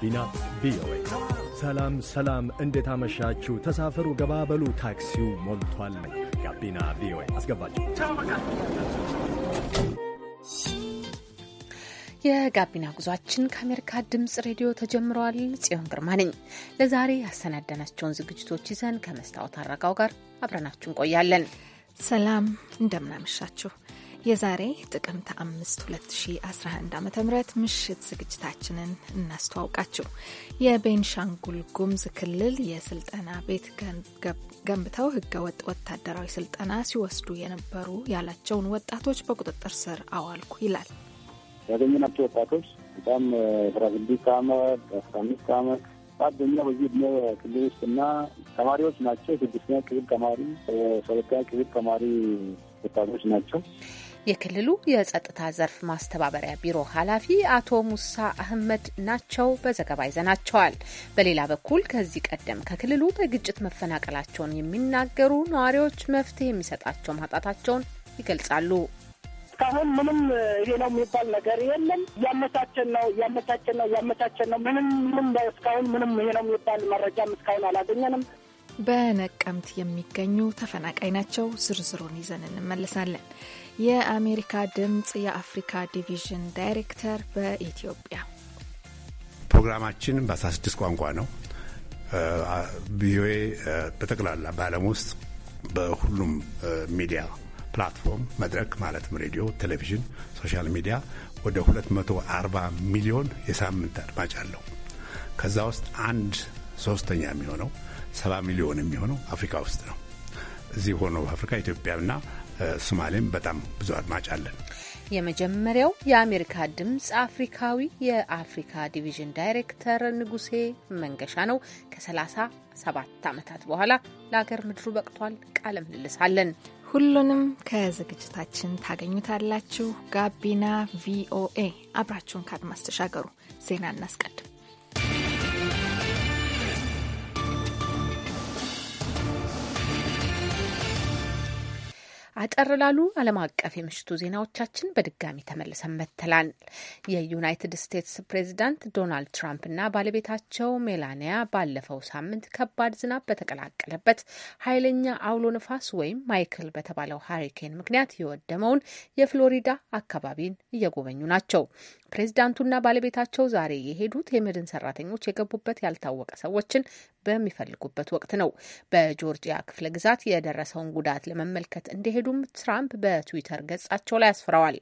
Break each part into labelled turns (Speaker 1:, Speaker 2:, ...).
Speaker 1: ጋቢና ቪኦኤ። ሰላም ሰላም፣ እንዴት አመሻችሁ? ተሳፈሩ፣ ገባበሉ፣ ታክሲው ሞልቷል። ጋቢና ቪኦኤ አስገባችሁ።
Speaker 2: የጋቢና ጉዟችን ከአሜሪካ ድምጽ ሬዲዮ ተጀምረዋል። ጽዮን ግርማ ነኝ። ለዛሬ ያሰናደናቸውን ዝግጅቶች ይዘን ከመስታወት አረጋው ጋር አብረናችሁ እንቆያለን። ሰላም እንደምናመሻችሁ። የዛሬ ጥቅምት 5
Speaker 3: 2011 ዓ ም ምሽት ዝግጅታችንን እናስተዋውቃችሁ። የቤንሻንጉል ጉሙዝ ክልል የስልጠና ቤት ገንብተው ህገወጥ ወታደራዊ ስልጠና ሲወስዱ የነበሩ ያላቸውን ወጣቶች በቁጥጥር ስር አዋልኩ ይላል።
Speaker 4: ያገኘናቸው ወጣቶች በጣም አስራ ስድስት አመት አስራ አምስት አመት በአብዛኛ በዚህ እድሜ ክልል ውስጥ እና ተማሪዎች ናቸው። ስድስተኛ ክፍል ተማሪ፣ ሰባተኛ ክፍል ተማሪ ወጣቶች ናቸው።
Speaker 2: የክልሉ የጸጥታ ዘርፍ ማስተባበሪያ ቢሮ ኃላፊ አቶ ሙሳ አህመድ ናቸው። በዘገባ ይዘናቸዋል። በሌላ በኩል ከዚህ ቀደም ከክልሉ በግጭት መፈናቀላቸውን የሚናገሩ ነዋሪዎች መፍትሄ የሚሰጣቸው ማጣታቸውን ይገልጻሉ።
Speaker 5: እስካሁን ምንም ይሄ ነው የሚባል ነገር የለም። እያመቻቸን ነው እያመቻቸን ነው እያመቻቸን ነው። ምንም ምንም እስካሁን ምንም ይሄ ነው
Speaker 3: የሚባል መረጃም እስካሁን አላገኘንም። በነቀምት የሚገኙ ተፈናቃይ ናቸው። ዝርዝሩን ይዘን እንመለሳለን። የአሜሪካ ድምፅ የአፍሪካ ዲቪዥን ዳይሬክተር በኢትዮጵያ
Speaker 1: ፕሮግራማችን በ16 ቋንቋ ነው። ቪኦኤ በጠቅላላ በዓለም ውስጥ በሁሉም ሚዲያ ፕላትፎርም መድረክ ማለትም ሬዲዮ፣ ቴሌቪዥን፣ ሶሻል ሚዲያ ወደ 240 ሚሊዮን የሳምንት አድማጭ አለው። ከዛ ውስጥ አንድ ሶስተኛ የሚሆነው ሰባ ሚሊዮን የሚሆነው አፍሪካ ውስጥ ነው። እዚህ ሆኖ በአፍሪካ ኢትዮጵያና ሶማሌም በጣም ብዙ አድማጭ አለን።
Speaker 2: የመጀመሪያው የአሜሪካ ድምፅ አፍሪካዊ የአፍሪካ ዲቪዥን ዳይሬክተር ንጉሴ መንገሻ ነው። ከ37 ዓመታት በኋላ ለአገር ምድሩ በቅቷል። ቃለ ምልልስ አለን።
Speaker 3: ሁሉንም ከዝግጅታችን ታገኙታላችሁ። ጋቢና ቪኦኤ አብራችሁን ካድማስ ተሻገሩ። ዜና እናስቀድም።
Speaker 2: አጠር ላሉ ዓለም አቀፍ የምሽቱ ዜናዎቻችን በድጋሚ ተመልሰን መጥተናል። የዩናይትድ ስቴትስ ፕሬዚዳንት ዶናልድ ትራምፕና ባለቤታቸው ሜላኒያ ባለፈው ሳምንት ከባድ ዝናብ በተቀላቀለበት ኃይለኛ አውሎ ንፋስ ወይም ማይክል በተባለው ሀሪኬን ምክንያት የወደመውን የፍሎሪዳ አካባቢን እየጎበኙ ናቸው። ፕሬዚዳንቱና ባለቤታቸው ዛሬ የሄዱት የመድን ሰራተኞች የገቡበት ያልታወቀ ሰዎችን በሚፈልጉበት ወቅት ነው። በጆርጂያ ክፍለ ግዛት የደረሰውን ጉዳት ለመመልከት እንደሄዱ መካሄዱም ትራምፕ በትዊተር ገጻቸው ላይ አስፍረዋል።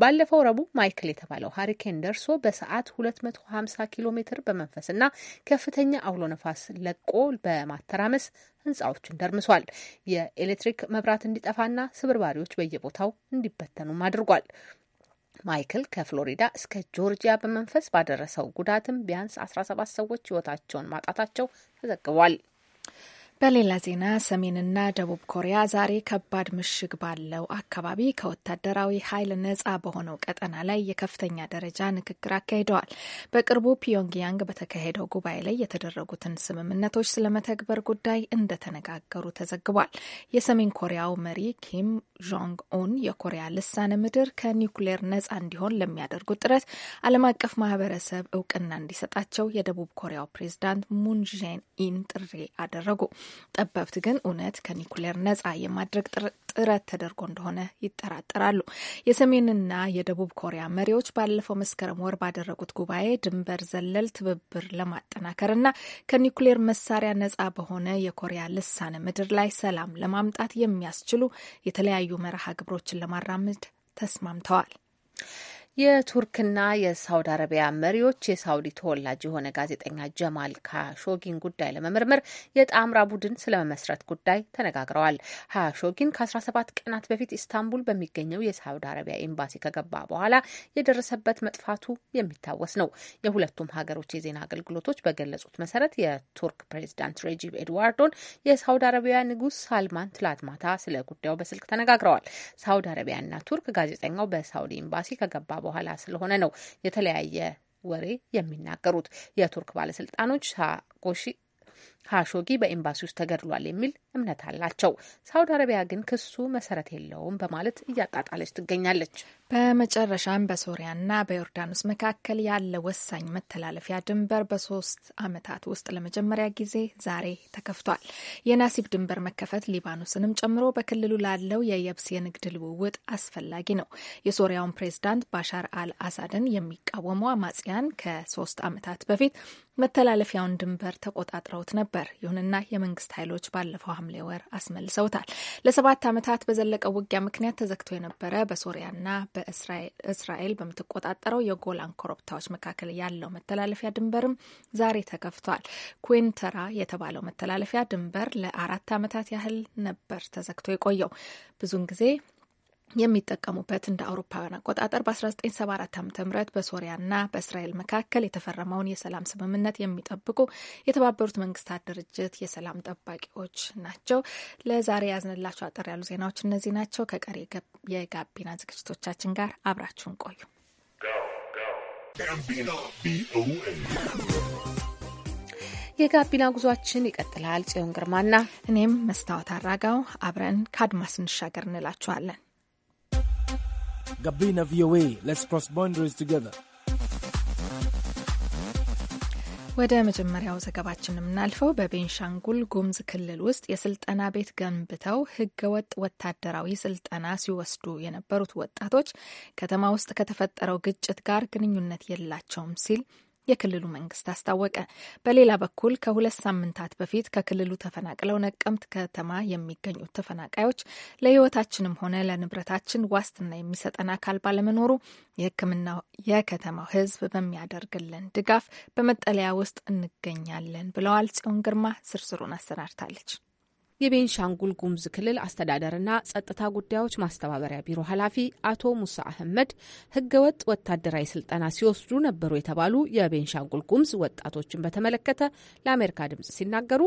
Speaker 2: ባለፈው ረቡዕ ማይክል የተባለው ሀሪኬን ደርሶ በሰዓት 250 ኪሎ ሜትር በመንፈስና ከፍተኛ አውሎ ነፋስ ለቆ በማተራመስ ህንፃዎችን ደርምሷል። የኤሌክትሪክ መብራት እንዲጠፋና ስብርባሪዎች በየቦታው እንዲበተኑም አድርጓል። ማይክል ከፍሎሪዳ እስከ ጆርጂያ በመንፈስ ባደረሰው ጉዳትም ቢያንስ 17 ሰዎች ህይወታቸውን ማጣታቸው ተዘግቧል።
Speaker 3: በሌላ ዜና ሰሜንና ደቡብ ኮሪያ ዛሬ ከባድ ምሽግ ባለው አካባቢ ከወታደራዊ ኃይል ነጻ በሆነው ቀጠና ላይ የከፍተኛ ደረጃ ንግግር አካሂደዋል። በቅርቡ ፒዮንግያንግ በተካሄደው ጉባኤ ላይ የተደረጉትን ስምምነቶች ስለመተግበር ጉዳይ እንደተነጋገሩ ተዘግቧል። የሰሜን ኮሪያው መሪ ኪም ጆንግ ኡን የኮሪያ ልሳነ ምድር ከኒውክሌር ነጻ እንዲሆን ለሚያደርጉት ጥረት ዓለም አቀፍ ማህበረሰብ እውቅና እንዲሰጣቸው የደቡብ ኮሪያው ፕሬዚዳንት ሙንጄን ኢን ጥሪ አደረጉ። ጠበብት ግን እውነት ከኒኩሌር ነጻ የማድረግ ጥረት ተደርጎ እንደሆነ ይጠራጠራሉ። የሰሜንና የደቡብ ኮሪያ መሪዎች ባለፈው መስከረም ወር ባደረጉት ጉባኤ ድንበር ዘለል ትብብር ለማጠናከር እና ከኒኩሌር መሳሪያ ነጻ በሆነ የኮሪያ ልሳነ ምድር ላይ ሰላም ለማምጣት የሚያስችሉ የተለያዩ መርሃ ግብሮችን ለማራመድ ተስማምተዋል።
Speaker 2: የቱርክና የሳውዲ አረቢያ መሪዎች የሳውዲ ተወላጅ የሆነ ጋዜጠኛ ጀማል ካሾጊን ጉዳይ ለመመርመር የጣምራ ቡድን ስለመመስረት ጉዳይ ተነጋግረዋል። ሀሾጊን ከ17 ቀናት በፊት ኢስታንቡል በሚገኘው የሳውዲ አረቢያ ኤምባሲ ከገባ በኋላ የደረሰበት መጥፋቱ የሚታወስ ነው። የሁለቱም ሀገሮች የዜና አገልግሎቶች በገለጹት መሰረት የቱርክ ፕሬዚዳንት ሬጂብ ኤድዋርዶን የሳውዲ አረቢያ ንጉስ ሳልማን ትላንት ማታ ስለ ጉዳዩ በስልክ ተነጋግረዋል። ሳውዲ አረቢያና ቱርክ ጋዜጠኛው በሳውዲ ኤምባሲ ከገባ በኋላ ስለሆነ ነው የተለያየ ወሬ የሚናገሩት። የቱርክ ባለስልጣኖች ሳቆሺ ካሾጊ በኤምባሲ ውስጥ ተገድሏል የሚል እምነት አላቸው። ሳውዲ አረቢያ ግን ክሱ መሰረት የለውም በማለት እያጣጣለች ትገኛለች። በመጨረሻም በሶሪያና
Speaker 3: በዮርዳኖስ መካከል ያለ ወሳኝ መተላለፊያ ድንበር በሶስት ዓመታት ውስጥ ለመጀመሪያ ጊዜ ዛሬ ተከፍቷል። የናሲብ ድንበር መከፈት ሊባኖስንም ጨምሮ በክልሉ ላለው የየብስ የንግድ ልውውጥ አስፈላጊ ነው። የሶሪያውን ፕሬዝዳንት ባሻር አል አሳድን የሚቃወሙ አማጽያን ከሶስት ዓመታት በፊት መተላለፊያውን ድንበር ተቆጣጥረውት ነበር ነበር። ይሁንና የመንግስት ኃይሎች ባለፈው ሐምሌ ወር አስመልሰውታል። ለሰባት ዓመታት በዘለቀው ውጊያ ምክንያት ተዘግቶ የነበረ በሶሪያና በእስራኤል በምትቆጣጠረው የጎላን ኮረብታዎች መካከል ያለው መተላለፊያ ድንበርም ዛሬ ተከፍቷል። ኩንተራ የተባለው መተላለፊያ ድንበር ለአራት ዓመታት ያህል ነበር ተዘግቶ የቆየው ብዙውን ጊዜ የሚጠቀሙበት እንደ አውሮፓውያን አቆጣጠር በ1974 ዓ ም በሶሪያና በእስራኤል መካከል የተፈረመውን የሰላም ስምምነት የሚጠብቁ የተባበሩት መንግስታት ድርጅት የሰላም ጠባቂዎች ናቸው። ለዛሬ ያዝንላቸው አጠር ያሉ ዜናዎች እነዚህ ናቸው። ከቀሪ የጋቢና ዝግጅቶቻችን ጋር አብራችሁን ቆዩ። የጋቢና ጉዟችን ይቀጥላል። ጽዮን ግርማና እኔም መስታወት አራጋው አብረን ከአድማስ እንሻገር እንላችኋለን።
Speaker 6: Gabina VOA. Let's cross boundaries together.
Speaker 3: ወደ መጀመሪያው ዘገባችን የምናልፈው በቤንሻንጉል ጉምዝ ክልል ውስጥ የስልጠና ቤት ገንብተው ህገወጥ ወታደራዊ ስልጠና ሲወስዱ የነበሩት ወጣቶች ከተማ ውስጥ ከተፈጠረው ግጭት ጋር ግንኙነት የላቸውም ሲል የክልሉ መንግስት አስታወቀ። በሌላ በኩል ከሁለት ሳምንታት በፊት ከክልሉ ተፈናቅለው ነቀምት ከተማ የሚገኙት ተፈናቃዮች ለሕይወታችንም ሆነ ለንብረታችን ዋስትና የሚሰጠን አካል ባለመኖሩ የሕክምና የከተማው ሕዝብ በሚያደርግልን ድጋፍ በመጠለያ ውስጥ እንገኛለን ብለዋል።
Speaker 2: ጽዮን ግርማ ዝርዝሩን አሰናድታለች። የቤንሻንጉል ጉሙዝ ክልል አስተዳደርና ጸጥታ ጉዳዮች ማስተባበሪያ ቢሮ ኃላፊ አቶ ሙሳ አህመድ ህገወጥ ወታደራዊ ስልጠና ሲወስዱ ነበሩ የተባሉ የቤንሻንጉል ጉሙዝ ወጣቶችን በተመለከተ ለአሜሪካ ድምጽ ሲናገሩ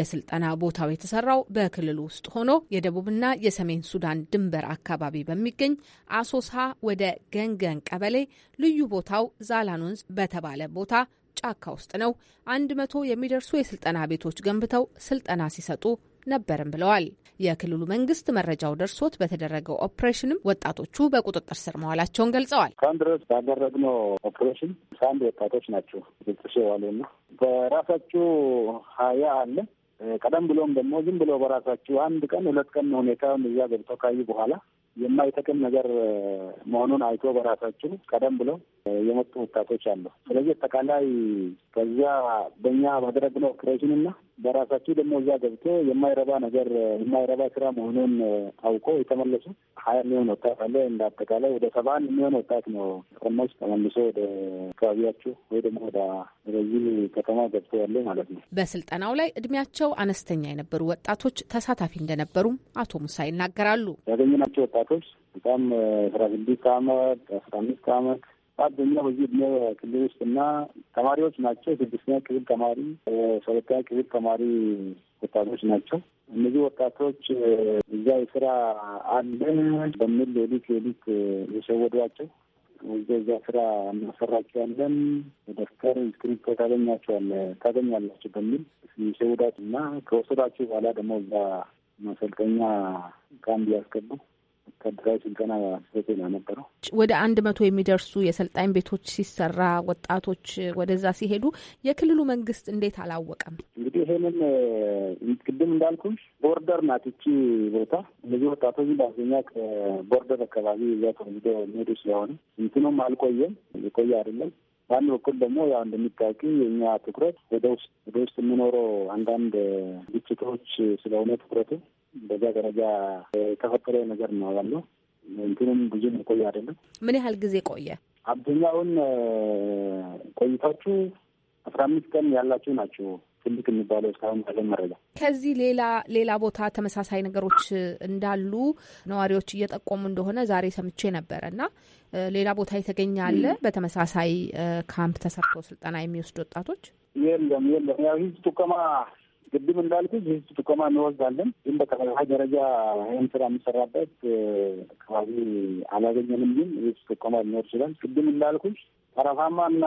Speaker 2: የስልጠና ቦታው የተሰራው በክልሉ ውስጥ ሆኖ የደቡብና የሰሜን ሱዳን ድንበር አካባቢ በሚገኝ አሶሳ ወደ ገንገን ቀበሌ ልዩ ቦታው ዛላን ወንዝ በተባለ ቦታ ጫካ ውስጥ ነው። አንድ መቶ የሚደርሱ የስልጠና ቤቶች ገንብተው ስልጠና ሲሰጡ ነበርም ብለዋል። የክልሉ መንግስት መረጃው ደርሶት በተደረገው ኦፕሬሽንም ወጣቶቹ በቁጥጥር ስር መዋላቸውን ገልጸዋል።
Speaker 4: እስካሁን ድረስ ባደረግነው ኦፕሬሽን አንድ ወጣቶች ናቸው ግጥሽ ዋሉና በራሳችሁ ሀያ አለ ቀደም ብሎም ደግሞ ዝም ብሎ በራሳችሁ አንድ ቀን ሁለት ቀን ሁኔታውን እዛ ገብተው ካዩ በኋላ የማይጠቅም ነገር መሆኑን አይቶ በራሳችን ቀደም ብለው የመጡ ወጣቶች አሉ። ስለዚህ አጠቃላይ ከዚያ በእኛ ባደረግነው ኦፕሬሽን በራሳቸው ደግሞ እዛ ገብቶ የማይረባ ነገር የማይረባ ስራ መሆኑን ታውቆ የተመለሱ ሀያ የሚሆን ወጣት አለ። እንደ አጠቃላይ ወደ ሰባን የሚሆን ወጣት ነው ቀሞች ተመልሶ ወደ አካባቢያቸው ወይ ደግሞ ወደ ወደዚህ ከተማ ገብቶ ያለ ማለት ነው።
Speaker 2: በስልጠናው ላይ እድሜያቸው አነስተኛ የነበሩ ወጣቶች ተሳታፊ እንደነበሩም አቶ ሙሳ ይናገራሉ።
Speaker 4: ያገኘናቸው ወጣቶች በጣም አስራ ስድስት አመት አስራ አምስት አመት በአብዛኛው በዚህ እድሜ ክልል ውስጥ እና ተማሪዎች ናቸው። ስድስተኛ ክፍል ተማሪ፣ ሰባተኛ ክፍል ተማሪ ወጣቶች ናቸው። እነዚህ ወጣቶች እዛ የስራ አለ በሚል ሌሊት ሌሊት የሸወዷቸው እዛ እዛ ስራ እናሰራቸው ያለን ደፍተር እስክሪብቶ ታገኛቸዋለ ታገኛላችሁ በሚል የሸወዷት እና ከወሰዷቸው በኋላ ደግሞ እዛ ማሰልጠኛ ካምፕ ያስገቡ ወታደራዊ ስልጠና ሰቴ ነው ነበረው።
Speaker 2: ወደ አንድ መቶ የሚደርሱ የሰልጣኝ ቤቶች ሲሰራ ወጣቶች ወደዛ ሲሄዱ የክልሉ መንግስት እንዴት አላወቀም?
Speaker 4: እንግዲህ ይሄንን ቅድም እንዳልኩሽ ቦርደር ናት እቺ ቦታ። እነዚህ ወጣቶች በአብዛኛ ከቦርደር አካባቢ እዛ ተወስዶ የሚሄዱ ስለሆነ እንትኑም አልቆየም የቆየ አይደለም። በአንድ በኩል ደግሞ ያው እንደሚታወቂ የእኛ ትኩረት ወደ ውስጥ ወደ ውስጥ የምኖረው አንዳንድ ግጭቶች ስለሆነ ትኩረቱ በዛ ደረጃ የተፈጠረ ነገር ነው ያለው። እንትንም ብዙ ቆየ አይደለም።
Speaker 2: ምን ያህል ጊዜ ቆየ?
Speaker 4: አብዛኛውን ቆይታችሁ አስራ አምስት ቀን ያላችሁ ናቸው ትልቅ የሚባለው እስካሁን ያለን መረጃ።
Speaker 2: ከዚህ ሌላ ሌላ ቦታ ተመሳሳይ ነገሮች እንዳሉ ነዋሪዎች እየጠቆሙ እንደሆነ ዛሬ ሰምቼ ነበረ እና ሌላ ቦታ የተገኘ አለ በተመሳሳይ ካምፕ ተሰርቶ ስልጠና የሚወስድ ወጣቶች
Speaker 4: የለም የለም። ያው ህዝብ ጡቀማ ግድም እንዳልኩ ህዝብ ጥቆማ እንወስዳለን፣ ግን በቀበሌ ደረጃ ይህን ስራ የሚሰራበት አካባቢ አላገኘንም። ግን ህዝብ ጥቆማ ሊኖር ይችላል። ግድም እንዳልኩ እንዳልኩት እና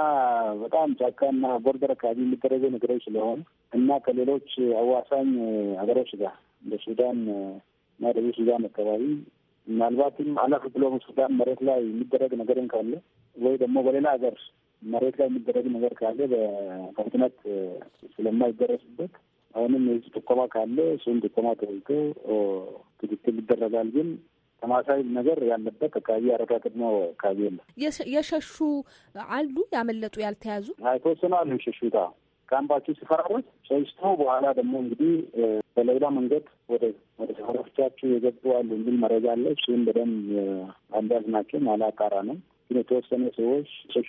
Speaker 4: በጣም ጫካ እና ቦርደር አካባቢ የሚደረገው ነገሮች ስለሆነ እና ከሌሎች አዋሳኝ ሀገሮች ጋር እንደ ሱዳን እና ደቡብ ሱዳን አካባቢ ምናልባትም አለፍ ብሎም ሱዳን መሬት ላይ የሚደረግ ነገርን ካለ ወይ ደግሞ በሌላ ሀገር መሬት ላይ የሚደረግ ነገር ካለ በፍጥነት ስለማይደረስበት አሁንም የህዝብ ጥቆማ ካለ እሱን ጥቆማ ተወልቶ ትክክል ይደረጋል ግን ተማሳይ ነገር ያለበት አካባቢ አረጋ ቅድሞ አካባቢ የለም።
Speaker 2: የሸሹ አሉ ያመለጡ ያልተያዙ
Speaker 4: የተወሰኑ አሉ። ሸሹታ ካምፓቸው ሲፈራረስ ሸሽቶ በኋላ ደግሞ እንግዲህ በሌላ መንገድ ወደ ወደ ሰፈሮቻቸው የገቡ አሉ የሚል መረጃ አለ። እሱም በደንብ አንዳዝ ናቸው ማለ አቃራ ነው የተወሰነ ሰዎች ሶሽ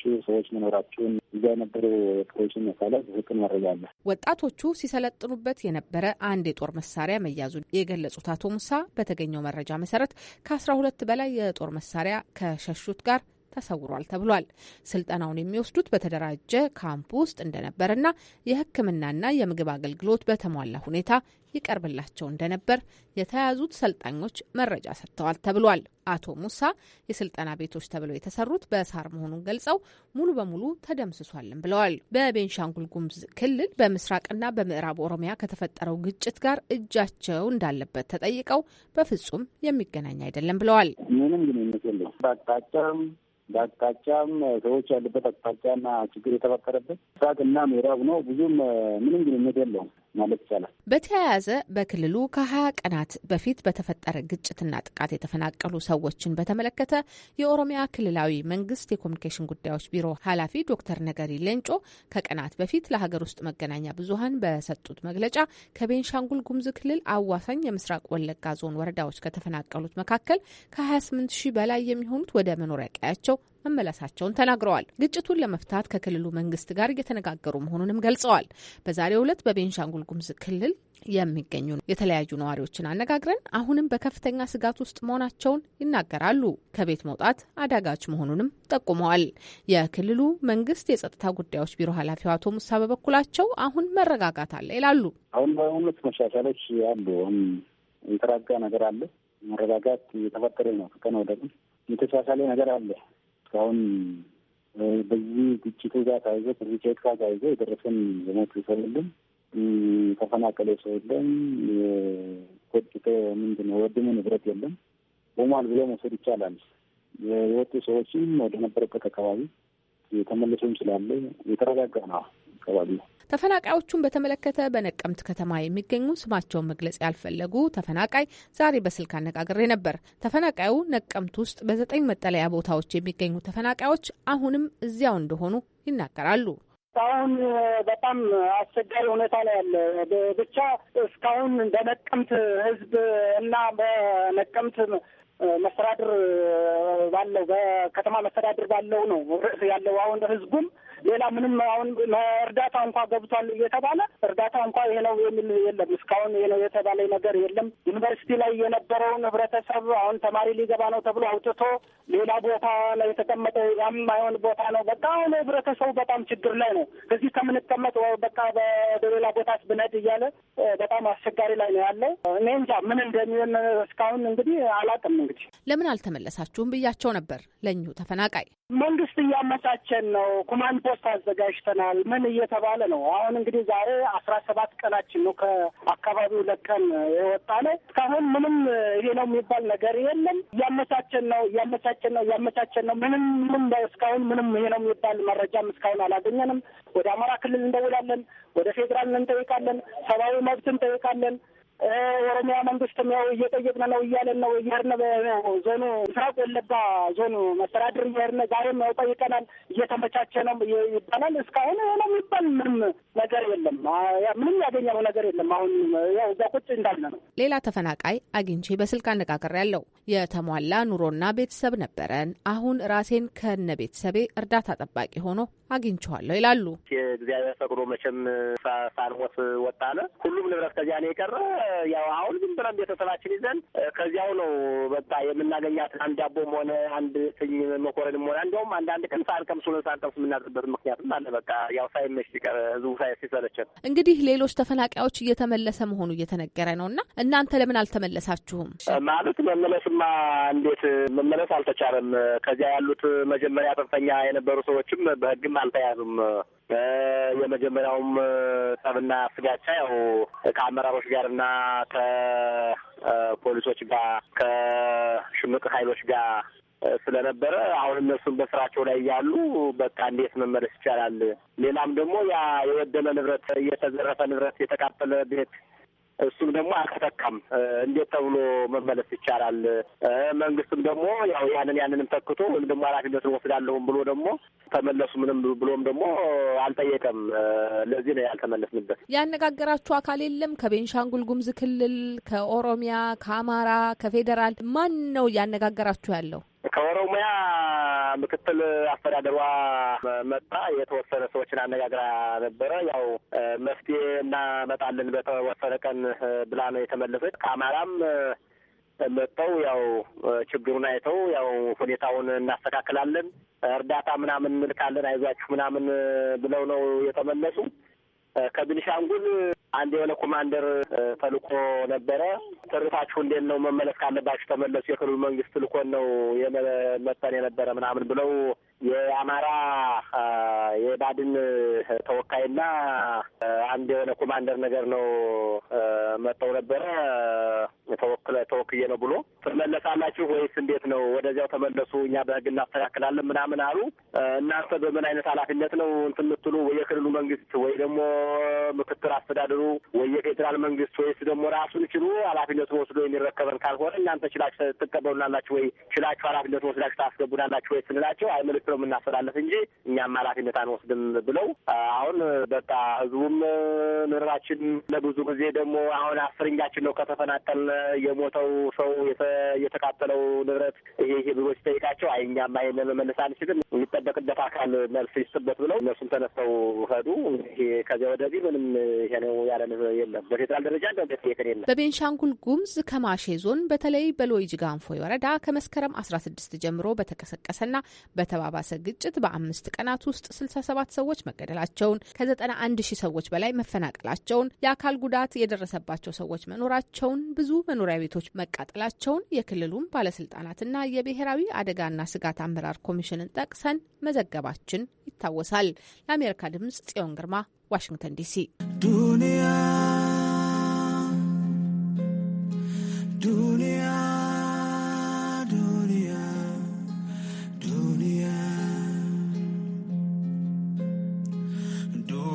Speaker 4: ሶሹ ሰዎች መኖራቸውን እዛ የነበሩ የፖሊስን አካላት ዝቅን መረጃ አለ።
Speaker 2: ወጣቶቹ ሲሰለጥኑበት የነበረ አንድ የጦር መሳሪያ መያዙን የገለጹት አቶ ሙሳ በተገኘው መረጃ መሰረት ከአስራ ሁለት በላይ የጦር መሳሪያ ከሸሹት ጋር ተሰውሯል ተብሏል። ስልጠናውን የሚወስዱት በተደራጀ ካምፕ ውስጥ እንደነበርና የሕክምናና የምግብ አገልግሎት በተሟላ ሁኔታ ይቀርብላቸው እንደነበር የተያዙት ሰልጣኞች መረጃ ሰጥተዋል ተብሏል። አቶ ሙሳ የስልጠና ቤቶች ተብለው የተሰሩት በሳር መሆኑን ገልጸው ሙሉ በሙሉ ተደምስሷልም ብለዋል። በቤንሻንጉል ጉምዝ ክልል በምስራቅና በምዕራብ ኦሮሚያ ከተፈጠረው ግጭት ጋር እጃቸው እንዳለበት ተጠይቀው በፍጹም የሚገናኝ አይደለም ብለዋል።
Speaker 4: ምንም ግንኙነት የለም። በአቅጣጫም ሰዎች ያሉበት አቅጣጫና ችግር የተፈጠረበት እና ምዕራብ ነው። ብዙም ምንም ግንኙነት የለውም። ማለት ይቻላል።
Speaker 2: በተያያዘ በክልሉ ከሀያ ቀናት በፊት በተፈጠረ ግጭትና ጥቃት የተፈናቀሉ ሰዎችን በተመለከተ የኦሮሚያ ክልላዊ መንግስት የኮሚኒኬሽን ጉዳዮች ቢሮ ኃላፊ ዶክተር ነገሪ ሌንጮ ከቀናት በፊት ለሀገር ውስጥ መገናኛ ብዙሀን በሰጡት መግለጫ ከቤንሻንጉል ጉሙዝ ክልል አዋሳኝ የምስራቅ ወለጋ ዞን ወረዳዎች ከተፈናቀሉት መካከል ከ28 ሺህ በላይ የሚሆኑት ወደ መኖሪያ ቀያቸው መመለሳቸውን ተናግረዋል። ግጭቱን ለመፍታት ከክልሉ መንግስት ጋር እየተነጋገሩ መሆኑንም ገልጸዋል። በዛሬው ዕለት በቤንሻንጉል ጉሙዝ ክልል የሚገኙ የተለያዩ ነዋሪዎችን አነጋግረን አሁንም በከፍተኛ ስጋት ውስጥ መሆናቸውን ይናገራሉ። ከቤት መውጣት አዳጋች መሆኑንም ጠቁመዋል። የክልሉ መንግስት የጸጥታ ጉዳዮች ቢሮ ኃላፊው አቶ ሙሳ በበኩላቸው አሁን መረጋጋት አለ ይላሉ።
Speaker 4: አሁን በሁለት መሻሻሎች አሉ። የተራጋ ነገር አለ። መረጋጋት እየተፈጠረ ነው። ከቀን ወደ ቀን የተሻሻለ ነገር አለ። እስካሁን በዚህ ግጭቱ ጋር ተያይዞ ከግጭት ጋር ተያይዞ የደረሰን የሞት ሰው የለም፣ የተፈናቀለ ሰው የለም፣ የቆጥቶ ምንድን ነው ወድሞ ንብረት የለም። ቆሟል ብሎ መውሰድ ይቻላል። የወጡ ሰዎችም ወደ ነበረበት አካባቢ የተመለሱም ስላለ የተረጋጋ ነው አካባቢ ነው።
Speaker 2: ተፈናቃዮቹን በተመለከተ በነቀምት ከተማ የሚገኙ ስማቸውን መግለጽ ያልፈለጉ ተፈናቃይ ዛሬ በስልክ አነጋግሬ ነበር። ተፈናቃዩ ነቀምት ውስጥ በዘጠኝ መጠለያ ቦታዎች የሚገኙ ተፈናቃዮች አሁንም እዚያው እንደሆኑ ይናገራሉ።
Speaker 5: እስካሁን በጣም አስቸጋሪ ሁኔታ ላይ ያለ ብቻ እስካሁን በነቀምት ህዝብ እና በነቀምት መስተዳድር ባለው በከተማ መስተዳድር ባለው ነው ርዕስ ያለው። አሁን ህዝቡም ሌላ ምንም አሁን እርዳታ እንኳ ገብቷል እየተባለ እርዳታ እንኳ ይሄ ነው የሚል የለም። እስካሁን ይሄ ነው የተባለ ነገር የለም። ዩኒቨርሲቲ ላይ የነበረውን ህብረተሰብ አሁን ተማሪ ሊገባ ነው ተብሎ አውጥቶ ሌላ ቦታ ላይ የተቀመጠ ያም አይሆን ቦታ ነው። በቃ አሁን ህብረተሰቡ በጣም ችግር ላይ ነው። እዚህ ከምንቀመጥ በቃ በሌላ ቦታ ቦታስ እያለ በጣም አስቸጋሪ ላይ ነው ያለው። እኔ እንጃ ምን እንደሚሆን እስካሁን እንግዲህ አላውቅም። እንግዲህ
Speaker 2: ለምን አልተመለሳችሁም ብያቸው ነበር ለእኚሁ ተፈናቃይ
Speaker 5: መንግስት እያመቻቸን ነው ኩማንቶ ፖስት አዘጋጅተናል ምን እየተባለ ነው። አሁን እንግዲህ ዛሬ አስራ ሰባት ቀናችን ነው ከአካባቢው ለቀን የወጣ ነው። እስካሁን ምንም ይሄ ነው የሚባል ነገር የለም። እያመቻቸን ነው እያመቻቸን ነው እያመቻቸን ነው። ምንም ምንም እስካሁን ምንም ይሄ ነው የሚባል መረጃም እስካሁን አላገኘንም። ወደ አማራ ክልል እንደውላለን፣ ወደ ፌዴራል እንጠይቃለን፣ ሰብአዊ መብት እንጠይቃለን። የኦሮሚያ መንግስትም ያው እየጠየቅን ነው እያለን ነው እያርነ ዞኑ ምስራቅ ወለጋ ዞኑ መስተዳድር እያርነ ዛሬም ያው ጠይቀናል። እየተመቻቸ ነው ይባላል። እስካሁን ሆነ የሚባል ምንም ነገር የለም። ምንም ያገኘነው ነገር የለም። አሁን ያው እዛ ቁጭ እንዳለ ነው።
Speaker 2: ሌላ ተፈናቃይ አግኝቼ በስልክ ያለው የተሟላ ኑሮና ቤተሰብ ነበረን። አሁን ራሴን ከነ ቤተሰቤ እርዳታ ጠባቂ ሆኖ አግኝቸዋለሁ ይላሉ።
Speaker 7: እግዚአብሔር ፈቅዶ መቼም ሳልሞት ወጣለ። ሁሉም ንብረት ከዚያ ነው የቀረ ያው አሁን ዝም ብለን ቤተሰባችን ይዘን ከዚያው ነው በቃ የምናገኛት አንድ ዳቦም ሆነ አንድ ስኝ መኮረንም ሆነ እንዲሁም አንዳንድ ቀን ሳንቀምስ ሁለት ሳንቀምስ የምናጥበት ምክንያትም አለ። በቃ ያው ሳይመሽ ሲቀር ህዝቡ ሳይ ሲሰለችን
Speaker 2: እንግዲህ ሌሎች ተፈናቃዮች እየተመለሰ መሆኑ እየተነገረ ነው እና እናንተ ለምን አልተመለሳችሁም?
Speaker 7: ማለት መመለስማ እንዴት መመለስ አልተቻለም። ከዚያ ያሉት መጀመሪያ ጥንፈኛ የነበሩ ሰዎችም በህግም አልተያዙም። የመጀመሪያውም ጸብና ስጋቻ ያው ከአመራሮች ጋርና ከፖሊሶች ጋር ከሽምቅ ኃይሎች ጋር ስለነበረ አሁን እነሱን በስራቸው ላይ እያሉ በቃ እንዴት መመለስ ይቻላል? ሌላም ደግሞ ያ የወደመ ንብረት የተዘረፈ ንብረት የተቃጠለ ቤት እሱም ደግሞ አልተተካም። እንዴት ተብሎ መመለስ ይቻላል? መንግስትም ደግሞ ያው ያንን ያንንም ተክቶ ወይም ደግሞ ኃላፊነቱን ወስዳለሁም ብሎ ደግሞ ተመለሱ ምንም ብሎም ደግሞ አልጠየቀም። ለዚህ ነው ያልተመለስንበት።
Speaker 2: ያነጋገራችሁ አካል የለም? ከቤንሻንጉል ጉሙዝ ክልል፣ ከኦሮሚያ፣ ከአማራ፣ ከፌዴራል ማን ነው እያነጋገራችሁ ያለው?
Speaker 7: ከኦሮሚያ ምክትል አስተዳደሯ መጣ የተወሰነ ሰዎችን አነጋግራ ነበረ። ያው መፍትሄ እናመጣለን በተወሰነ ቀን ብላ ነው የተመለሰች። ከአማራም መጥተው ያው ችግሩን አይተው ያው ሁኔታውን እናስተካክላለን፣ እርዳታ ምናምን እንልካለን፣ አይዟችሁ ምናምን ብለው ነው የተመለሱ። ከቢንሻንጉል አንድ የሆነ ኮማንደር ተልኮ ነበረ። ትርፋችሁ እንዴት ነው? መመለስ ካለባችሁ ተመለሱ፣ የክልሉ መንግስት ልኮን ነው የመጠን የነበረ ምናምን ብለው የአማራ የባድን ተወካይና አንድ የሆነ ኮማንደር ነገር ነው መጠው ነበረ ተወክለ ተወክዬ ነው ብሎ ትመለሳላችሁ ወይስ እንዴት ነው? ወደዚያው ተመለሱ፣ እኛ በህግ እናስተካክላለን ምናምን አሉ። እናንተ በምን አይነት ኃላፊነት ነው እንትን የምትሉ ወይ የክልሉ መንግስት ወይ ደግሞ ምክትል አስተዳደሩ ወይ የፌዴራል መንግስት ወይስ ደግሞ ራሱን ችሉ ኃላፊነቱን ወስዶ የሚረከበን ካልሆነ እናንተ ችላችሁ ትቀበሉናላችሁ ወይ ችላችሁ ኃላፊነቱን ወስዳችሁ ታስገቡናላችሁ ወይ ስንላቸው አይ ነው የምናስተላለፍ እንጂ እኛም ኃላፊነት አንወስድም ብለው አሁን በቃ ህዝቡም ምርራችን ለብዙ ጊዜ ደግሞ አሁን አስረኛችን ነው ከተፈናቀል የሞተው ሰው የተቃጠለው ንብረት ይሄ ይሄ ብሎ ሲጠይቃቸው አይ እኛማ ይሄንን መመለስ አንችልም የሚጠበቅበት አካል መልስ ይስጥበት ብለው እነሱም ተነስተው ሄዱ። ይሄ ከዚያ ወደዚህ ምንም ይሄ ነው ያለን የለም። በፌዴራል ደረጃ እንደ ጠየቅን የለም።
Speaker 2: በቤንሻንጉል ጉምዝ ከማሼ ዞን በተለይ በሎይጅ ጋንፎይ ወረዳ ከመስከረም አስራ ስድስት ጀምሮ በተቀሰቀሰና በተባባሰ ግጭት በአምስት ቀናት ውስጥ ስልሳ ሰባት ሰዎች መገደላቸውን ከዘጠና አንድ ሺህ ሰዎች በላይ መፈናቀላቸውን የአካል ጉዳት የደረሰባቸው ሰዎች መኖራቸውን ብዙ መኖሪያ ቤቶች መቃጠላቸውን የክልሉን ባለስልጣናትና የብሔራዊ አደጋና ስጋት አመራር ኮሚሽንን ጠቅሰን መዘገባችን ይታወሳል። ለአሜሪካ ድምጽ ጽዮን ግርማ፣ ዋሽንግተን ዲሲ።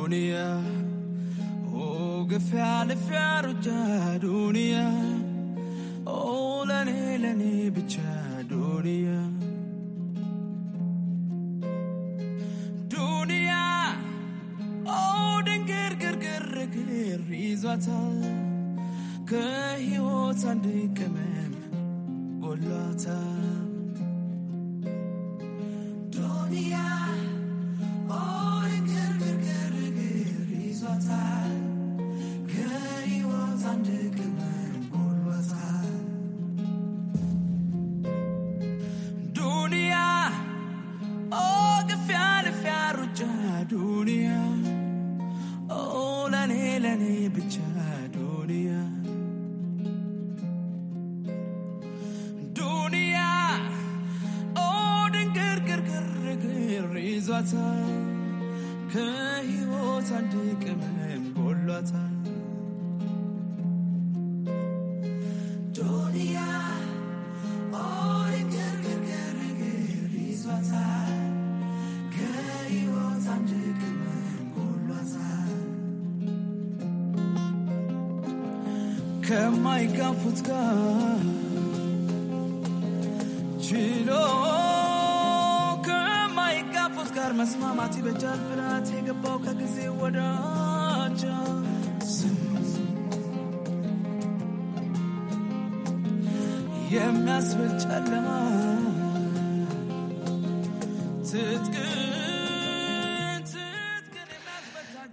Speaker 6: Dunia, oh, gefährlich, Dunia. ለኔ ለኔ ብቻ ዱንያ ዱንያ ድንግር ግርግር ግር ይዟታል ከሕይወት አንድ ቅመም ጎሏታል። ከማይጋፉት ጋር ችሎ ከማይጋፉት ጋር መስማማት ይበጃል። ብላት የገባው ከጊዜ ወዳጃ የሚያስብል ጨለማ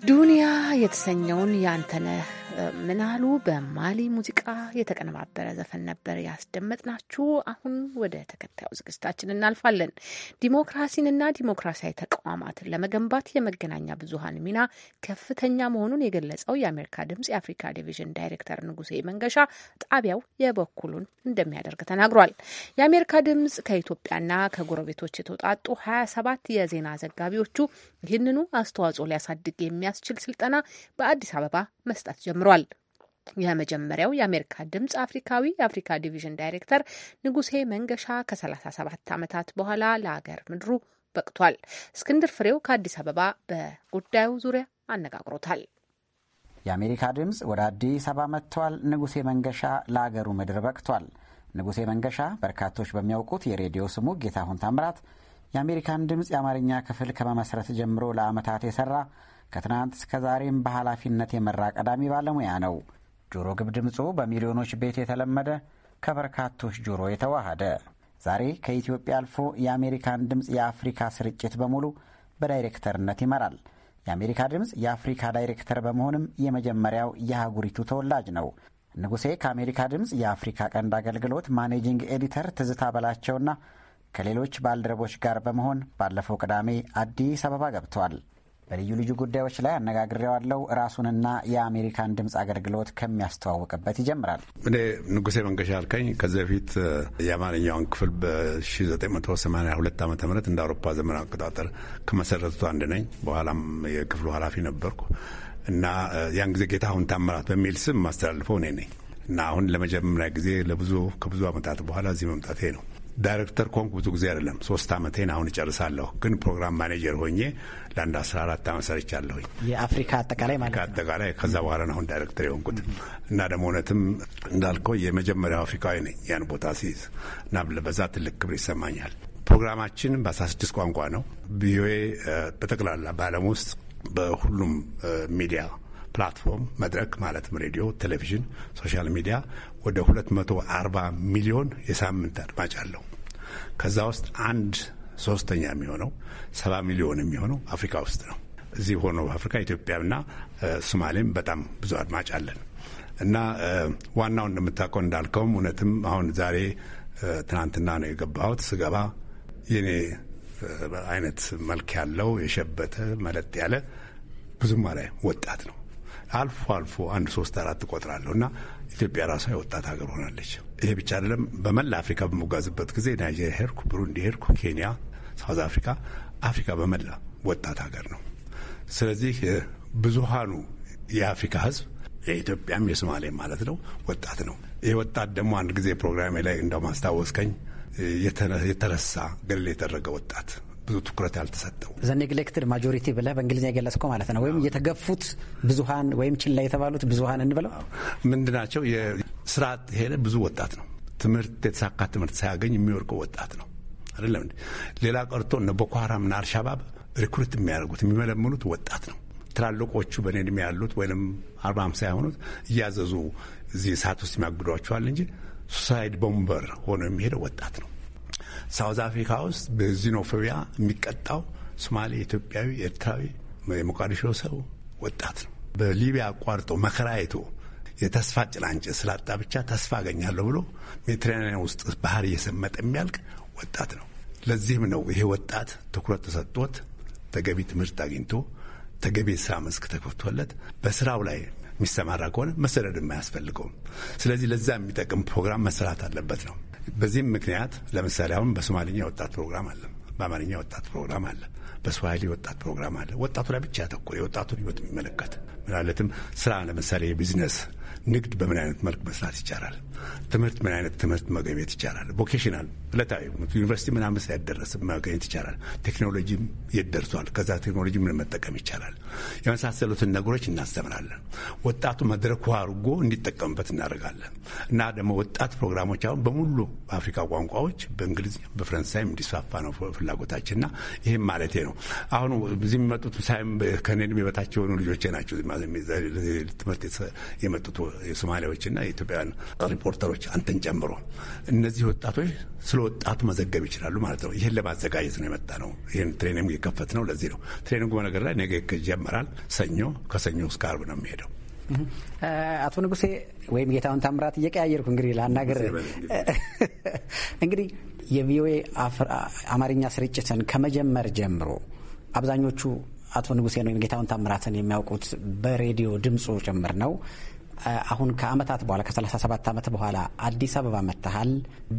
Speaker 2: ዱንያ የተሰኘውን የአንተነህ ምናሉ በማሊ ሙዚቃ የተቀነባበረ ዘፈን ነበር ያስደመጥናችሁ። አሁን ወደ ተከታዩ ዝግጅታችን እናልፋለን። ዲሞክራሲንና ዲሞክራሲያዊ ተቋማትን ለመገንባት የመገናኛ ብዙኃን ሚና ከፍተኛ መሆኑን የገለጸው የአሜሪካ ድምጽ የአፍሪካ ዲቪዥን ዳይሬክተር ንጉሴ መንገሻ ጣቢያው የበኩሉን እንደሚያደርግ ተናግሯል። የአሜሪካ ድምጽ ከኢትዮጵያና ከጎረቤቶች የተውጣጡ 20ሰባት የዜና ዘጋቢዎቹ ይህንኑ አስተዋጽኦ ሊያሳድግ የሚያስችል ስልጠና በአዲስ አበባ መስጠት ጀምሯል። ጀምሯል። የመጀመሪያው የአሜሪካ ድምፅ አፍሪካዊ የአፍሪካ ዲቪዥን ዳይሬክተር ንጉሴ መንገሻ ከ37 ዓመታት በኋላ ለሀገር ምድሩ በቅቷል። እስክንድር ፍሬው ከአዲስ አበባ በጉዳዩ ዙሪያ አነጋግሮታል።
Speaker 8: የአሜሪካ ድምፅ ወደ አዲስ አበባ መጥቷል። ንጉሴ መንገሻ ለአገሩ ምድር በቅቷል። ንጉሴ መንገሻ በርካቶች በሚያውቁት የሬዲዮ ስሙ ጌታሁን ታምራት የአሜሪካን ድምፅ የአማርኛ ክፍል ከመመስረት ጀምሮ ለዓመታት የሰራ ከትናንት እስከ ዛሬም በኃላፊነት የመራ ቀዳሚ ባለሙያ ነው። ጆሮ ግብ ድምፁ በሚሊዮኖች ቤት የተለመደ ከበርካቶች ጆሮ የተዋሃደ ዛሬ ከኢትዮጵያ አልፎ የአሜሪካን ድምፅ የአፍሪካ ስርጭት በሙሉ በዳይሬክተርነት ይመራል። የአሜሪካ ድምፅ የአፍሪካ ዳይሬክተር በመሆንም የመጀመሪያው የአህጉሪቱ ተወላጅ ነው። ንጉሴ ከአሜሪካ ድምፅ የአፍሪካ ቀንድ አገልግሎት ማኔጂንግ ኤዲተር ትዝታ በላቸውና ከሌሎች ባልደረቦች ጋር በመሆን ባለፈው ቅዳሜ አዲስ አበባ ገብቷል። በልዩ ልዩ ጉዳዮች ላይ አነጋግሬዋለሁ። ራሱንና የአሜሪካን ድምፅ አገልግሎት ከሚያስተዋውቅበት ይጀምራል።
Speaker 1: እኔ ንጉሴ መንገሻ አልከኝ ከዚህ በፊት የአማርኛውን ክፍል በ1982 ዓ ም እንደ አውሮፓ ዘመን አቆጣጠር ከመሰረቱ አንድ ነኝ። በኋላም የክፍሉ ኃላፊ ነበርኩ እና ያን ጊዜ ጌታሁን ታምራት በሚል ስም ማስተላልፈው እኔ ነኝ እና አሁን ለመጀመሪያ ጊዜ ለብዙ ከብዙ ዓመታት በኋላ እዚህ መምጣቴ ነው። ዳይሬክተር ኮንኩ ብዙ ጊዜ አይደለም፣ ሶስት አመቴን አሁን እጨርሳለሁ። ግን ፕሮግራም ማኔጀር ሆኜ ለአንድ አስራ አራት አመት ሰርቻለሁኝ የአፍሪካ አጠቃላይ ማለት ነው አጠቃላይ። ከዛ በኋላ አሁን ዳይሬክተር የሆንኩት እና ደግሞ እውነትም እንዳልከው የመጀመሪያው አፍሪካዊ ነኝ ያን ቦታ ሲይዝ እና በዛ ትልቅ ክብር ይሰማኛል። ፕሮግራማችን በ16 ቋንቋ ነው። ቪኦኤ በጠቅላላ በዓለም ውስጥ በሁሉም ሚዲያ ፕላትፎርም መድረክ ማለትም ሬዲዮ፣ ቴሌቪዥን፣ ሶሻል ሚዲያ ወደ 240 ሚሊዮን የሳምንት አድማጭ አለው። ከዛ ውስጥ አንድ ሶስተኛ የሚሆነው ሰባ ሚሊዮን የሚሆነው አፍሪካ ውስጥ ነው። እዚህ ሆኖ አፍሪካ ኢትዮጵያና ሶማሌም በጣም ብዙ አድማጭ አለን እና ዋናው እንደምታውቀው እንዳልከውም እውነትም አሁን ዛሬ ትናንትና ነው የገባሁት። ስገባ የኔ አይነት መልክ ያለው የሸበተ መለጥ ያለ ብዙም አላይ ወጣት ነው። አልፎ አልፎ አንድ ሶስት አራት እቆጥራለሁ እና ኢትዮጵያ ራሷ የወጣት ሀገር ሆናለች። ይሄ ብቻ አይደለም። በመላ አፍሪካ በመጓዝበት ጊዜ ናይጄሪያ ሄድኩ፣ ብሩንዲ ሄድኩ፣ ኬንያ፣ ሳውዝ አፍሪካ፣ አፍሪካ በመላ ወጣት ሀገር ነው። ስለዚህ ብዙሃኑ የአፍሪካ ህዝብ የኢትዮጵያም የሶማሌም ማለት ነው ወጣት ነው። ይህ ወጣት ደግሞ አንድ ጊዜ ፕሮግራሜ ላይ እንደማስታወስከኝ የተረሳ ገለል የተደረገ ወጣት ብዙ ትኩረት ያልተሰጠው
Speaker 8: ኔግሌክትድ ማጆሪቲ ብለህ በእንግሊዝኛ የገለጽከው ማለት ነው። ወይም የተገፉት ብዙሀን ወይም ችላ የተባሉት ብዙሀን እንበለው
Speaker 1: ምንድናቸው? ስርዓት ሄደ ብዙ ወጣት ነው። ትምህርት የተሳካ ትምህርት ሳያገኝ የሚወርቀው ወጣት ነው። አይደለም ሌላ ቀርቶ እነ ቦኮ ሀራምና አልሻባብ ሪክሩት የሚያደርጉት የሚመለምሉት ወጣት ነው። ትላልቆቹ በእኔ እድሜ ያሉት ወይም አርባ ሃምሳ የሆኑት እያዘዙ እዚህ ሰዓት ውስጥ የሚያግዷቸዋል እንጂ ሱሳይድ ቦምበር ሆኖ የሚሄደው ወጣት ነው። ሳውዝ አፍሪካ ውስጥ በዚኖፎቢያ የሚቀጣው ሶማሌ፣ ኢትዮጵያዊ፣ ኤርትራዊ የሞቃዲሾ ሰው ወጣት ነው። በሊቢያ አቋርጦ መከራ አይቶ የተስፋ ጭላንጭ ስላጣ ብቻ ተስፋ አገኛለሁ ብሎ ሜዲትራኒያን ውስጥ ባህር እየሰመጠ የሚያልቅ ወጣት ነው። ለዚህም ነው ይሄ ወጣት ትኩረት ተሰጥቶት ተገቢ ትምህርት አግኝቶ ተገቢ የስራ መስክ ተከፍቶለት በስራው ላይ የሚሰማራ ከሆነ መሰደድ የማያስፈልገውም። ስለዚህ ለዛ የሚጠቅም ፕሮግራም መሰራት አለበት ነው። በዚህም ምክንያት ለምሳሌ አሁን በሶማሊኛ የወጣት ፕሮግራም አለ፣ በአማርኛ የወጣት ፕሮግራም አለ፣ በስዋሂሊ የወጣት ፕሮግራም አለ። ወጣቱ ላይ ብቻ ያተኮረ የወጣቱን ህይወት የሚመለከት ምናለትም ስራ ለምሳሌ የቢዝነስ ንግድ በምን አይነት መልክ መስራት ይቻላል? ትምህርት ምን አይነት ትምህርት መገኘት ይቻላል? ቮኬሽናል ዕለታዊ ዩኒቨርሲቲ ምናምን ሳይደረስ መገኘት ይቻላል። ቴክኖሎጂም የት ደርሷል? ከዛ ቴክኖሎጂ ምን መጠቀም ይቻላል? የመሳሰሉትን ነገሮች እናስተምራለን። ወጣቱ መድረኩ አድርጎ እንዲጠቀምበት እናደርጋለን እና ደግሞ ወጣት ፕሮግራሞች አሁን በሙሉ በአፍሪካ ቋንቋዎች በእንግሊዝ በፈረንሳይም እንዲስፋፋ ነው ፍላጎታችን። ፍላጎታችንና ይህም ማለቴ ነው። አሁን እዚህ የሚመጡት ሳይም ከኔንም የበታች የሆኑ ልጆቼ ናቸው ትምህርት የመጡት የሶማሌዎችና የኢትዮጵያውያን ሪፖርተሮች አንተን ጨምሮ እነዚህ ወጣቶች ስለ ወጣቱ መዘገብ ይችላሉ ማለት ነው። ይህን ለማዘጋጀት ነው የመጣ ነው። ይህን ትሬኒንግ የከፈት ነው። ለዚህ ነው ትሬኒንጉ በነገር ላይ ነገ ይጀመራል። ሰኞ ከሰኞ እስከ አርብ ነው የሚሄደው።
Speaker 8: አቶ ንጉሴ ወይም ጌታውን ታምራት እየቀያየርኩ እንግዲህ ላናገር እንግዲህ የቪኦኤ አማርኛ ስርጭትን ከመጀመር ጀምሮ አብዛኞቹ አቶ ንጉሴን ወይም ጌታውን ታምራትን የሚያውቁት በሬዲዮ ድምፁ ጭምር ነው። አሁን ከአመታት በኋላ ከ37 ዓመት በኋላ አዲስ አበባ መጥተሃል።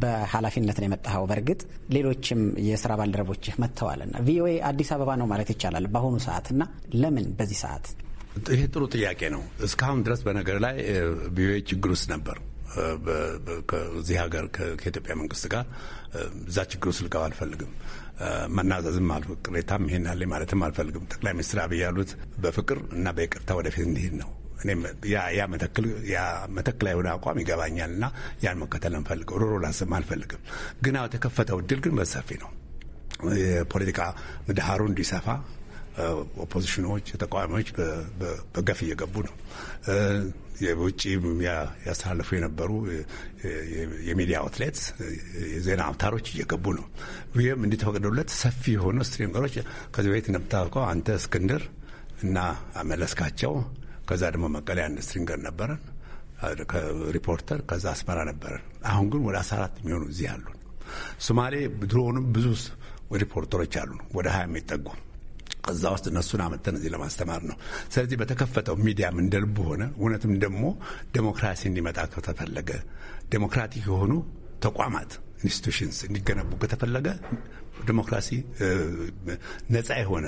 Speaker 8: በኃላፊነት ነው የመጣኸው። በእርግጥ ሌሎችም የስራ ባልደረቦችህ መጥተዋልና ቪኦኤ አዲስ አበባ ነው ማለት ይቻላል በአሁኑ ሰዓት እና ለምን በዚህ ሰዓት?
Speaker 1: ይሄ ጥሩ ጥያቄ ነው። እስካሁን ድረስ በነገር ላይ ቪኦኤ ችግር ውስጥ ነበር። ከዚህ ሀገር ከኢትዮጵያ መንግስት ጋር እዛ ችግር ውስጥ ልቀው አልፈልግም። መናዘዝም ቅሬታም ይሄን ያለ ማለትም አልፈልግም። ጠቅላይ ሚኒስትር አብይ ያሉት በፍቅር እና በይቅርታ ወደፊት እንዲሄድ ነው እኔም መተክል የሆነ አቋም ይገባኛል እና ያን መከተል እንፈልገው ሮሮ ላስብ አልፈልግም። ግን የተከፈተው እድል ግን በሰፊ ነው። የፖለቲካ ምህዳሩ እንዲሰፋ ኦፖዚሽኖች፣ ተቃዋሚዎች በገፍ እየገቡ ነው። የውጭ ያስተላለፉ የነበሩ የሚዲያ አውትሌት የዜና አውታሮች እየገቡ ነው። ይህም እንዲተፈቅዶለት ሰፊ የሆኑ ስትሪም ነገሮች ከዚህ በፊት እንደምታውቀው አንተ እስክንድር እና መለስካቸው ከዛ ደግሞ መቀሌ አንድ ስትሪንገር ነበረን ሪፖርተር፣ ከዛ አስመራ ነበረን። አሁን ግን ወደ አስራ አራት የሚሆኑ እዚህ አሉን። ሶማሌ ድሮውንም ብዙ ሪፖርተሮች አሉ ወደ ሀያ የሚጠጉ ከዛ ውስጥ እነሱን አመተን እዚህ ለማስተማር ነው። ስለዚህ በተከፈተው ሚዲያም እንደ ልቡ ሆነ። እውነትም ደግሞ ዴሞክራሲ እንዲመጣ ከተፈለገ ዴሞክራቲክ የሆኑ ተቋማት ኢንስቲቱሽንስ እንዲገነቡ ከተፈለገ ዴሞክራሲ ነጻ የሆነ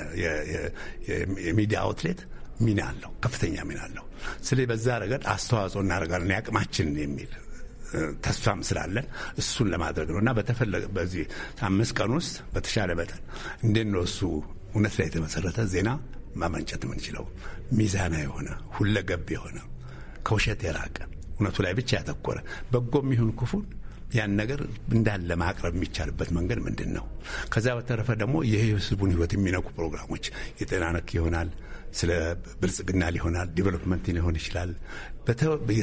Speaker 1: የሚዲያ አውትሌት ሚና አለው፣ ከፍተኛ ሚና አለው። ስለዚህ በዛ ረገድ አስተዋጽኦ እናደርጋለን ያቅማችንን የሚል ተስፋም ስላለን እሱን ለማድረግ ነው እና በተፈለገ በዚህ አምስት ቀን ውስጥ በተሻለ መጠን እንደነሱ እሱ እውነት ላይ የተመሰረተ ዜና ማመንጨት የምንችለው ሚዛና የሆነ ሁለገብ የሆነ ከውሸት የራቀ እውነቱ ላይ ብቻ ያተኮረ በጎም ይሁን ክፉን ያን ነገር እንዳለ ማቅረብ የሚቻልበት መንገድ ምንድን ነው? ከዛ በተረፈ ደግሞ የህዝቡን ህይወት የሚነኩ ፕሮግራሞች የጤና ነክ ይሆናል ስለ ብልጽግና ሊሆናል፣ ዲቨሎፕመንት ሊሆን ይችላል፣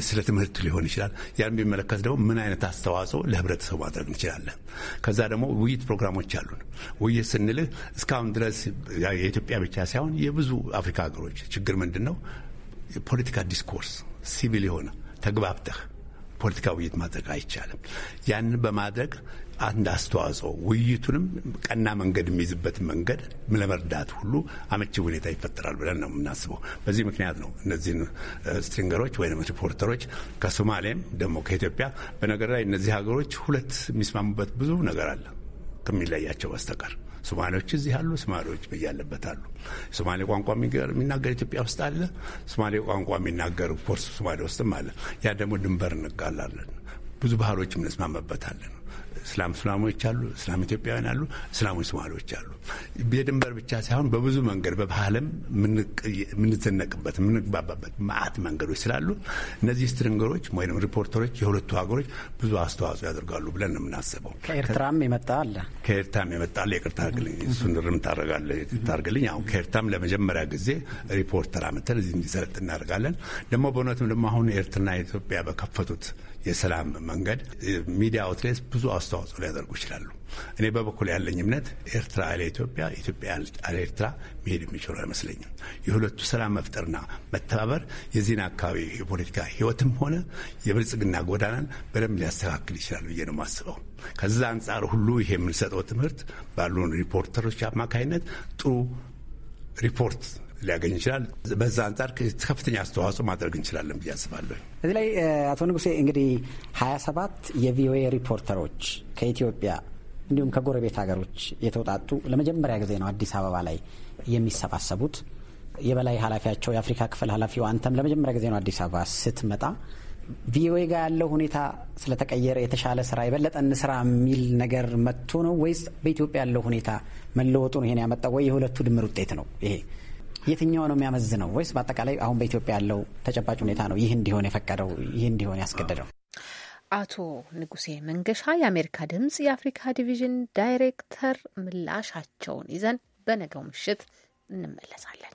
Speaker 1: ስለ ትምህርት ሊሆን ይችላል። ያን ቢመለከት ደግሞ ምን አይነት አስተዋጽኦ ለህብረተሰቡ ማድረግ እንችላለን። ከዛ ደግሞ ውይይት ፕሮግራሞች አሉን። ውይይት ስንልህ እስካሁን ድረስ የኢትዮጵያ ብቻ ሳይሆን የብዙ አፍሪካ ሀገሮች ችግር ምንድን ነው? የፖለቲካ ዲስኮርስ ሲቪል የሆነ ተግባብተህ ፖለቲካ ውይይት ማድረግ አይቻልም። ያንን በማድረግ አንድ አስተዋጽኦ ውይይቱንም ቀና መንገድ የሚይዝበት መንገድ ለመርዳት ሁሉ አመቺ ሁኔታ ይፈጠራል ብለን ነው የምናስበው። በዚህ ምክንያት ነው እነዚህን ስትሪንገሮች ወይም ሪፖርተሮች ከሶማሌም ደግሞ ከኢትዮጵያ በነገር ላይ እነዚህ ሀገሮች ሁለት የሚስማሙበት ብዙ ነገር አለ ከሚለያቸው በስተቀር ሶማሌዎች እዚህ አሉ። ሶማሌዎች በያለበት አሉ። ሶማሌ ቋንቋ የሚናገር ኢትዮጵያ ውስጥ አለ። ሶማሌ ቋንቋ የሚናገር ፖርስ ሶማሌ ውስጥም አለ። ያ ደግሞ ድንበር እንጋላለን ብዙ ባህሎች እንስማመበታለን። እስላም እስላሞች አሉ፣ እስላም ኢትዮጵያውያን አሉ፣ እስላሞች ሶማሌዎች አሉ። የድንበር ብቻ ሳይሆን በብዙ መንገድ በባህልም የምንዘነቅበት የምንግባባበት ማአት መንገዶች ስላሉ እነዚህ ስትሪንገሮች ወይም ሪፖርተሮች የሁለቱ ሀገሮች ብዙ አስተዋጽኦ ያደርጋሉ ብለን ነው የምናስበው። ከኤርትራም የመጣ አለ ከኤርትራም የመጣ አለ። ይቅርታ አድርግልኝ፣ እሱን ርም ታደርጋለህ። አሁን ከኤርትራም ለመጀመሪያ ጊዜ ሪፖርተር አመተን እዚህ እንዲሰለጥ እናደርጋለን። ደግሞ በእውነትም ደግሞ አሁን ኤርትራና ኢትዮጵያ በከፈቱት የሰላም መንገድ ሚዲያ አውትሌት ብዙ አስተዋጽኦ ሊያደርጉ ይችላሉ። እኔ በበኩል ያለኝ እምነት ኤርትራ ያለ ኢትዮጵያ፣ ኢትዮጵያ ያለ ኤርትራ መሄድ የሚችሉ አይመስለኝም። የሁለቱ ሰላም መፍጠርና መተባበር የዚህን አካባቢ የፖለቲካ ህይወትም ሆነ የብልጽግና ጎዳናን በደንብ ሊያስተካክል ይችላል ብዬ ነው የማስበው። ከዛ አንጻር ሁሉ ይሄ የምንሰጠው ትምህርት ባሉን ሪፖርተሮች አማካኝነት ጥሩ ሪፖርት ሊያገኝ ይችላል። በዛ አንጻር ከፍተኛ አስተዋጽኦ ማድረግ እንችላለን ብዬ አስባለሁ።
Speaker 8: እዚህ ላይ አቶ ንጉሴ እንግዲህ ሀያ ሰባት የቪኦኤ ሪፖርተሮች ከኢትዮጵያ እንዲሁም ከጎረቤት ሀገሮች የተውጣጡ ለመጀመሪያ ጊዜ ነው አዲስ አበባ ላይ የሚሰባሰቡት። የበላይ ኃላፊያቸው የአፍሪካ ክፍል ኃላፊው አንተም ለመጀመሪያ ጊዜ ነው አዲስ አበባ ስትመጣ ቪኦኤ ጋር ያለው ሁኔታ ስለተቀየረ የተሻለ ስራ የበለጠ ስራ የሚል ነገር መጥቶ ነው ወይስ በኢትዮጵያ ያለው ሁኔታ መለወጡ ነው ይሄን ያመጣው? ወይ የሁለቱ ድምር ውጤት ነው ይሄ? የትኛው ነው የሚያመዝነው ወይስ በአጠቃላይ አሁን በኢትዮጵያ ያለው ተጨባጭ ሁኔታ ነው ይህ እንዲሆን የፈቀደው ይህ እንዲሆን ያስገደደው?
Speaker 2: አቶ ንጉሴ መንገሻ የአሜሪካ ድምጽ የአፍሪካ ዲቪዥን ዳይሬክተር ምላሻቸውን ይዘን በነገው ምሽት እንመለሳለን።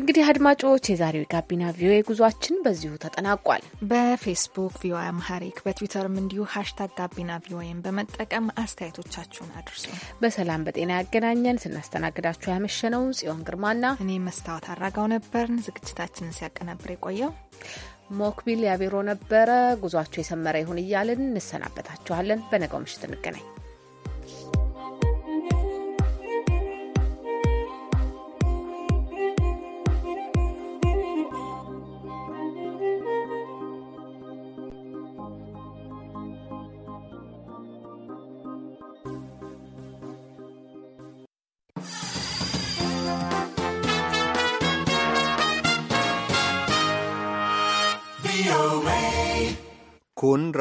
Speaker 2: እንግዲህ አድማጮች የዛሬው የጋቢና ቪኦኤ ጉዟችን
Speaker 3: በዚሁ ተጠናቋል። በፌስቡክ ቪኦኤ አምሃሪክ በትዊተርም እንዲሁ ሀሽታግ ጋቢና ቪኦኤን በመጠቀም አስተያየቶቻችሁን አድርሱ።
Speaker 2: በሰላም በጤና ያገናኘን። ስናስተናግዳችሁ ያመሸነውን ጽዮን ግርማና እኔ መስታወት አራጋው ነበርን። ዝግጅታችንን ሲያቀናብር የቆየው ሞክቢል ያቢሮ ነበረ። ጉዟችሁ የሰመረ ይሁን እያልን እንሰናበታችኋለን። በነገው ምሽት እንገናኝ።